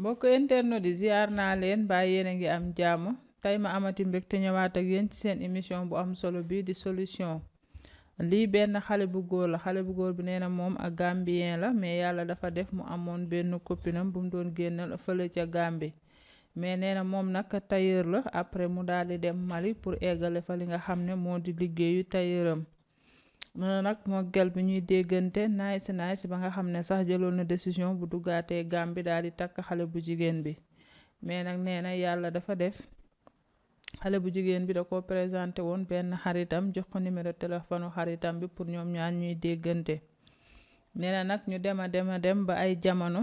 mbokk internet di ziar naa leen ba yéen a ngi am jàmm tey ma amati mbégte ñëwaat ak yéen ci seen émission bu am solo bi di solution lii benn xale bu góor la xale bu góor bi nee na moom ak gàmbien la mais yàlla dafa def mu amoon benn copinam bu mu doon génnal fële ca gàmbi mais nee na moom nag tailleur la après mu daal di dem Mali pour eggale fa li nga xam ne moo di liggéeyu tailleuram nag màggal bi ñuy déggante nice nice ba nga xam ne sax jëloon na décision bu dugaatee duggaatee bi daal di takk xale bu jigéen bi mais nag nee na yàlla dafa def xale bu jigéen bi da ko présenté woon benn xaritam jox ko numéro téléphone xaritam bi pour ñoom ñaan ñuy déggante nee nag ñu dema dema dem ba ay jamono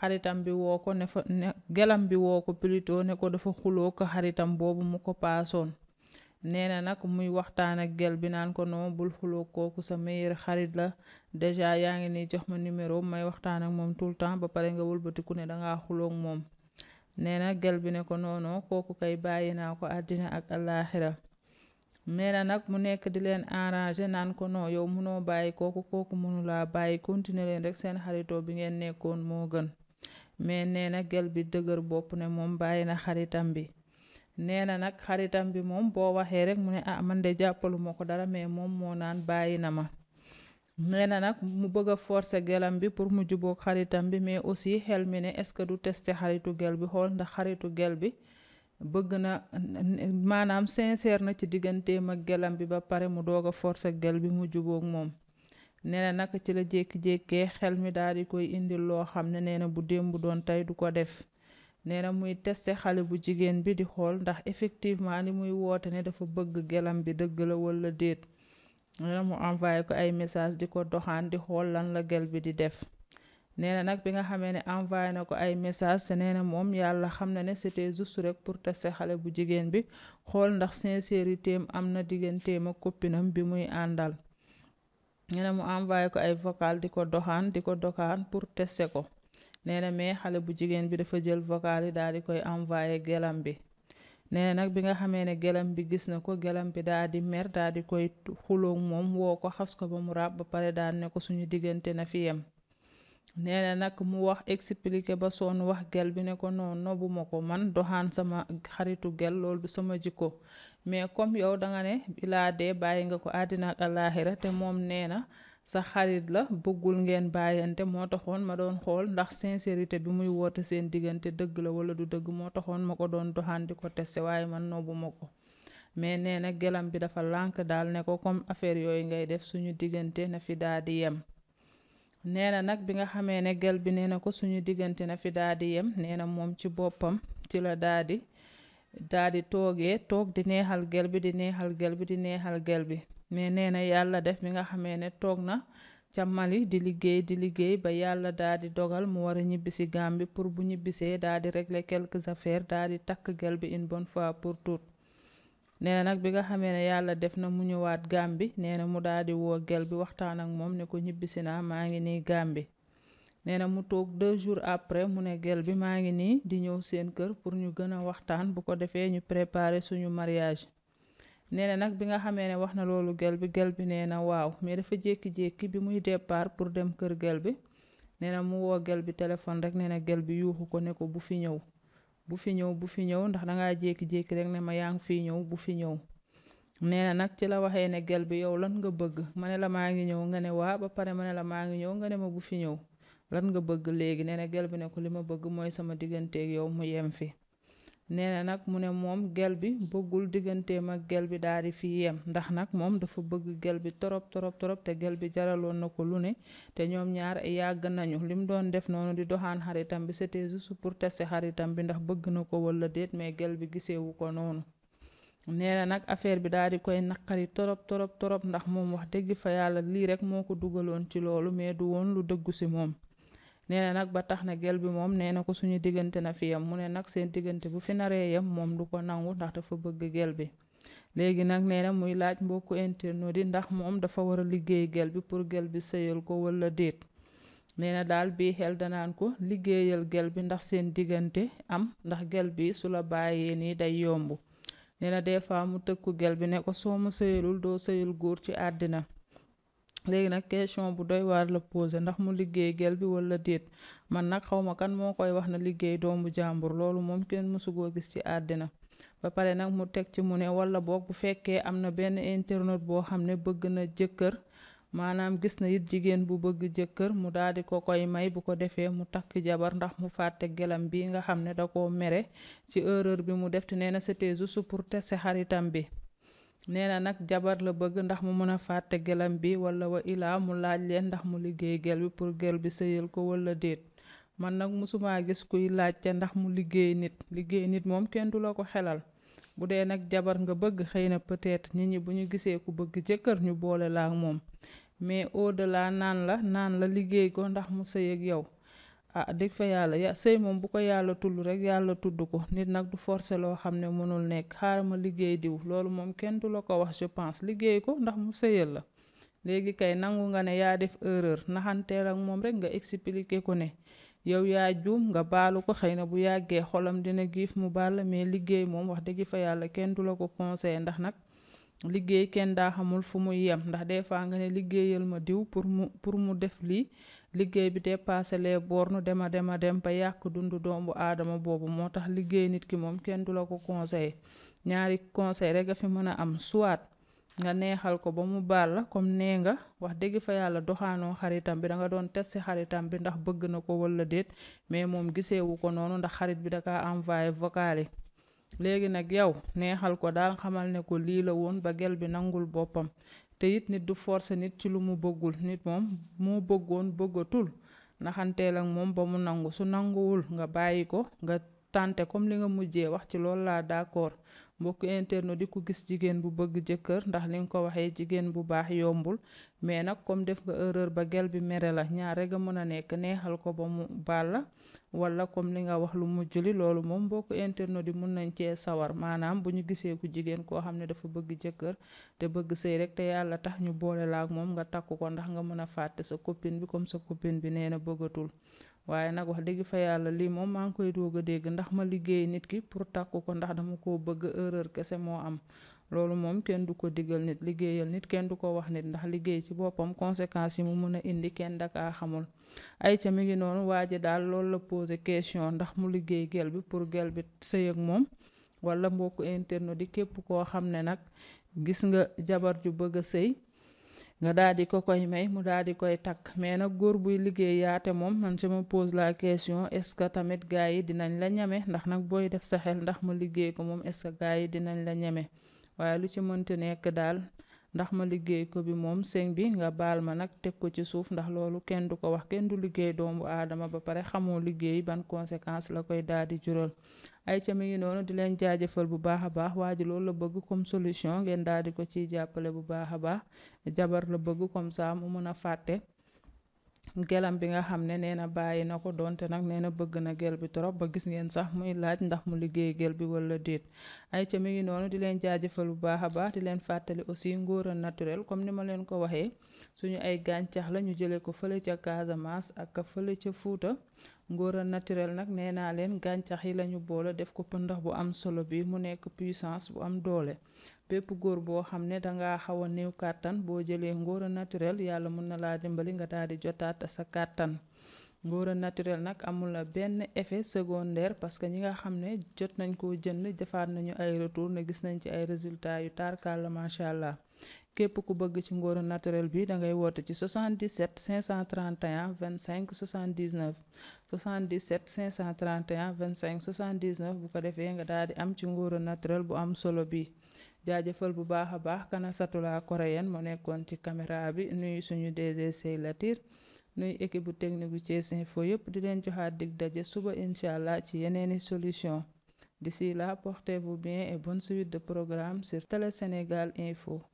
xaritam bi woo ko ne fa ne gelam bi woo ko plutôt ne ko dafa xuloo ko xaritam boobu mu ko paasoon nee na nag muy waxtaan ak gel bi naan ko non bul xuloo kooku sa meilleur xarit la déjà yaa ngi ni jox ma numéro may waxtaan ak moom tout le temps ba pare nga wëlbatiku ne dangaa xulook moom nee na gel bi ne ko noono kooku kay bàyyi naa ko àddina ak àllaaxira nee na nag mu nekk di leen arrangé naan ko non yow munoo bàyyi kooku kooku mënulaa bàyyi continuer leen rek seen xaritoo bi ngeen nekkoon moo gën mais nee na gel bi dëgër bopp ne moom bàyyi na xaritam bi nee na nag xaritam bi moom boo waxee rek mu ne ah man de jàppaluma ko dara mais moom moo naan bàyyi na ma nee na nag mu bëgg a forcer gelam bi pour mu jubóog xaritam bi mais aussi xel mi ne est-ce que du tester xaritu gel bi xool ndax xaritu gel bi bëgg na maanaam sincère na ci digganteem ak gelam bi ba pare mu doog a forcer gel bi mu jubóog moom nee na nag ci la jékki-jékkee xel mi daal di koy indil loo xam ne nee na bu démb doon tey du ko def nee na muy testé xale bu jigéen bi di xool ndax effectivement li muy woote ne dafa bëgg gelam bi dëgg la wala déet nee mu envoyé ko ay message di ko doxaan di xool lan la gel bi di def nee na nag bi nga xamee ne envoyé na ko ay message te nee na moom yàlla xam na ne c'était juste rek pour testé xale bu jigéen bi xool ndax sincérité am na digganteem a koppinam bi muy àndal nee na mu envoyé ko ay vocal di ko doxaan di ko doxaan pour testé ko nee na mais xale bu jigéen bi dafa jël vocal yi daal di koy envoyé gelam bi nee nag bi nga xamee ne gelam bi gis na ko gelam bi daal di mer daal di koy xuloo moom woo ko xas ko ba mu ràbb ba pare daal ne ko suñu diggante na fi yem nee nag mu wax expliqué ba sonn wax gel bi ne ko noon nobu ko man doxaan sama xaritu gel loolu sama jikko mais comme yow danga ne bilaa dee bàyyi nga ko àddina ak àllaaxira te moom nee na sa xarit la bëggul ngeen bàyyante moo taxoon ma doon xool ndax sincérité bi muy woote seen diggante dëgg la wala du dëgg moo taxoon ma ko doon doxaan ko testé waaye man noobu ma ko mais nee na gelam bi dafa lànk daal ne ko comme affaire yooyu ngay def suñu diggante na fi daa di yem neena nag bi nga xamee ne gel bi nee na ko suñu diggante na fi daa di yem nee na moom ci boppam ci la daa di daa di toogee toog di neexal gel bi di neexal gel bi di neexal gel bi mais nee na yàlla def bi nga xamee ne toog na ca Mali di liggéey di liggéey ba yàlla daa di dogal mu war a ñibbisi bi pour bu ñibbisee daa di régler quelques affaires daa di takk gel bi une bonne fois pour tout nee nag bi nga xamee ne yàlla def na mu ñëwaat Gambie nee na mu daa di woo gel bi waxtaan ak moom ne ko ñibbisi naa maa ngi nii Gambie nee na mu toog deux jours après mu ne gel bi maa ngi nii di ñëw seen kër pour ñu gën a waxtaan bu ko defee ñu préparer suñu mariage nee na nag bi nga xamee ne wax na loolu gel bi gel bi nee na waaw mais dafa jékki-jékki bi muy départ pour dem kër gel bi nee na mu woo gel bi téléphone rek nee na gel bi yuuxu ko ne ko bu fi ñëw bu fi ñëw bu fi ñëw ndax dangaa jékki-jékki rek ne ma yaa ngi fii ñëw bu fi ñëw nee na nag ci la waxee ne gel bi yow lan nga bëgg ma ne la maa ngi ñëw nga ne waa ba pare ma ne la maa ngi ñëw nga ne ma bu fi ñëw lan nga bëgg léegi nee na gel bi ne ko li ma bëgg mooy sama digganteeg yow mu yem fi nee na nag mu ne moom gel bi bëggul digganteem ak gel bi daal di fi yem ndax nag moom dafa bëgg gel bi torop torop torop te gel bi jaraloon na ko lu ne te ñoom ñaar yàgg nañu lim doon def noonu di doxaan xaritam bi c'était juste pour tester xaritam bi ndax bëgg na ko wala déet mais gel bi gisewu ko noonu nee nag affaire bi daal di koy naqari torop torop torop ndax moom wax dëgg fa yàlla lii rek moo ko dugaloon ci loolu mais du woon lu dëggu si moom nee na nag ba tax na gel bi moom nee na ko suñu diggante na fi yam mu ne nag seen diggante bu fi naree yam moom du ko nangu ndax dafa bëgg gel bi léegi nag nee na muy laaj mbokku internet di ndax moom dafa war a liggéey gel bi pour gel bi sëyal ko wala déet nee na daal bii xel danaan ko liggéeyal gel bi ndax seen diggante am ndax gel bi su la bàyyee nii day yomb nee na des fois mu tëkku gel bi ne ko soo ma sëyalul doo seyul góor ci àddina léegi nag question bu doy waar la posé ndax mu liggéey gel bi wala déet man nag xawma kan moo koy wax na liggéey doomu jàmbur loolu moom kenn mësugoo gis ci àddina ba pare nag mu teg ci mu ne wala boog bu fekkee am na benn internet boo xam ne bëgg na jëkkër maanaam gis na it jigéen bu bëgg jëkkër mu daal di ko koy may bu ko defee mu takk jabar ndax mu fàtte gelam bi nga xam ne da koo mere ci erreur bi mu def te nee na c'était juste pour tester xaritam bi nee na nag jabar la bëgg ndax mu mën a fàtte gelam bi wala wa illaa mu laaj leen ndax mu liggéey gel bi pour gel bi sëyal ko wala déet man nag mosuma gis kuy laajte ndax mu liggéey nit liggéey nit moom kenn du la ko xelal bu dee nag jabar nga bëgg xëy na peut-être nit ñi bu ñu gisee ku bëgg jëkkër ñu boole la ak moom mais au-delà naan la naan la liggéey ko ndax mu sëy ak yow ah dëgg fa yàlla ya sëy moom bu ko yàlla tudd rek yàlla tudd ko nit nag du forcer loo xam ne mënul nekk xaaral ma liggéey diw loolu moom kenn du la ko wax je pense liggéey ko ndax mu sëyal la léegi kay nangu nga ne yaa def erreur naxanteel ak moom rek nga expliquer ko ne yow yaa juum nga baalu ko xëy na bu yàggee xolam dina giif mu baal la mais liggéey moom wax dëgg fa yàlla kenn du la ko conseillé ndax nag liggéey kenn daa xamul fu muy yem ndax des fois liggéey bi dépassé les bornes dema dema dem ba yàq dundu doomu aadama boobu moo tax liggéey nit ki moom kenn du la ko conseil ñaari conseil rek a fi mën a am soit nga neexal ko ba mu baal la comme nee nga wax dëgg fa yàlla doxaanoo xaritam bi da nga doon tes si xaritam bi ndax bëgg na ko walla déet mais moom giseewu ko noonu ndax xarit bi da kaa envoyé vocal yi léegi nag yow neexal ko daal xamal ne ko lii la woon ba gel bi nangul boppam te it nit du forcer nit ci lu mu bëggul nit moom moo bëggoon bëggatul naxanteel moom ba mu nangu su nanguwul nga bàyyi ko nga tànte comme li nga mujjee wax ci loolu laa d'accord mbokk internet di ko gis jigéen bu bëgg jëkkër ndax li nga ko waxee jigéen bu baax yombul mais nag comme def nga erreur ba gel bi mere la ñaar rek mën a nekk neexal ko ba mu baal la wala comme li nga wax lu mujj li loolu moom mbokk internet di mun nañ cee sawar maanaam bu ñu gisee ku jigéen koo xam ne dafa bëgg jëkkër te bëgg sëy rek te yàlla tax ñu boole la ak moom nga takk ko ndax nga mën a fàtte sa copine bi comme sa copine bi nee na bëggatul waaye nag wax dëgg fa yàlla lii moom maa ngi koy doog a dégg ndax ma liggéey nit ki pour takk ko ndax dama koo bëgg erreur kese moo am loolu moom kenn du ko digal nit liggéeyal nit kenn du ko wax nit ndax liggéey ci boppam conséquences yi mu mën a indi kenn dakaa xamul ay ca mi ngi noonu waa daal loolu la posé question ndax mu liggéey gel bi pour gel bi sëy ak moom wala mbokk internet di képp koo xam ne nag gis nga jabar ju bëgg a sëy nga daal di ko koy may mu daal di koy takk mais nag góor buy liggéey yaate moom man je me pose la question est-ce que tamit gars yi dinañ la ñeme ndax nag booy def sa xel ndax mu liggéey ko moom est que gars yi dinañ la ñeme waaye lu ci mënti nekk daal ndax ma liggéey ko bi moom seen bi nga baal ma nag teg ko ci suuf ndax loolu kenn du ko wax kenn du liggéey doomu aadama ba pare xamoo liggéey ban conséquence la koy daal di jural ay ca mi ngi noonu di leen jaajëfal bu baax a baax waa ji loolu la bëgg comme solution ngeen daal di ko ciy jàppale bu baax a baax jabar la bëgg comme saa mu mën a fàtte gelam bi nga xam ne nee na bàyyi na ko donte nag nee na bëgg na gel bi trop ba gis ngeen sax muy laaj ndax mu liggéey gel bi wala déet ay ca mi ngi noonu di leen jaajëfal bu baax a baax di leen fàttali aussi ngóora naturel comme ni ma leen ko waxee suñu ay gàncax la ñu jëlee ko fële ca Casamance ak fële ca Fuuta ngóora naturel nag nee naa leen gàncax yi lañu boole def ko pëndax bu am solo bi mu nekk puissance bu am doole bépp góor boo xam ne danga xaw a néew kàttan boo jëlee ngóora naturel yàlla mën na laa dimbali nga daal di jotaat sa kàttan ngóora naturel nag amul la benn effet secondaire parce que ñi nga xam ne jot nañ koo jënd defaat nañu ay retour ne gis nañ ci ay résultats yu tarkalla macha allah képp ku bëgg ci ngóora naturel bi da ngay woote ci 77 531 25 79 77 531 25 79 bu ko defee nga daal di am ci ngóora naturel bu am solo bi. jaajëfal bu baax a baax Kanasatoulah Coréenne moo nekkoon ci caméra bi nuyu suñu DG Seyla Tir nuyu équipe bu technique bu Thiès Info yëpp di leen joxaat dig daje suba incha allah ci yeneeni solution di là portez bu bien et bonne suite de programme sur Télé Sénégal Info